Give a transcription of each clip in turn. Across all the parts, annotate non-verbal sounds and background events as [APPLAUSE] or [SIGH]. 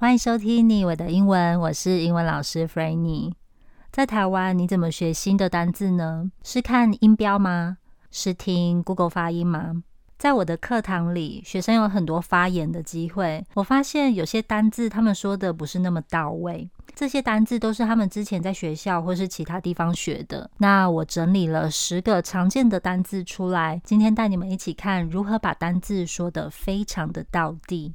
歡迎收聽《你我的英文》，我是英文老師 Frannie。在台灣，你怎麼學新的單字呢？是看音標嗎？是聽 Google 發音嗎？在我的課堂裡，學生有很多發言的機會。我發現有些單字他們說的不是那麼到位。這些單字都是他們之前在學校或是其他地方學的。那我整理了十個常見的單字出來，今天帶你們一起看如何把單字說得非常的道地。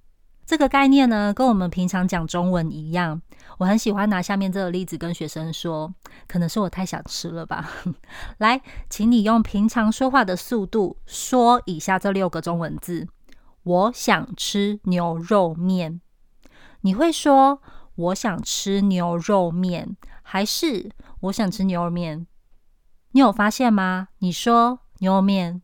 這個概念呢，跟我們平常講中文一樣。我很喜歡拿下面這個例子跟學生說：“可能是我太想吃了吧。 [LAUGHS] ”來，請你用平常說話的速度說以下這六個中文字：“我想吃牛肉麵。”你會說“我想吃牛肉麵”還是“我想吃牛肉麵”？你有發現嗎？你說“牛麵”，“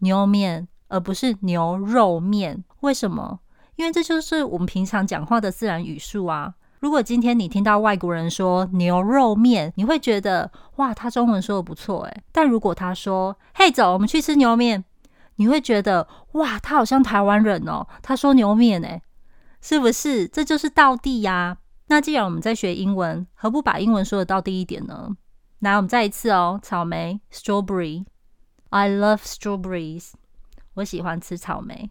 牛麵”，而不是“牛肉麵”。為什麼？因為這就是我們平常講話的自然語速啊。如果今天你聽到外國人說牛肉麵，你會覺得哇，他中文說的不錯哎。但如果他說嘿、hey，走，我們去吃牛麵，你會覺得哇，他好像台灣人哦。他說牛麵哎，是不是？這就是道地呀。那既然我們在學英文，何不把英文說的道地一點呢？來，我們再一次哦，草莓 （strawberry），I love strawberries，我喜歡吃草莓。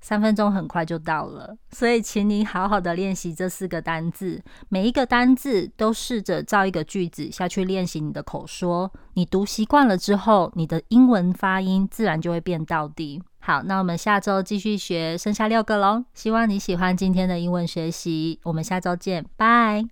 三分鐘很快就到了，所以請你好好的練習這四個單字，每一個單字都試着造一個句子下去練習你的口說。你讀習慣了之後，你的英文發音自然就會變道地。好，那我們下周繼續學剩下六個嘍。希望你喜歡今天的英文學習，我們下周見，拜。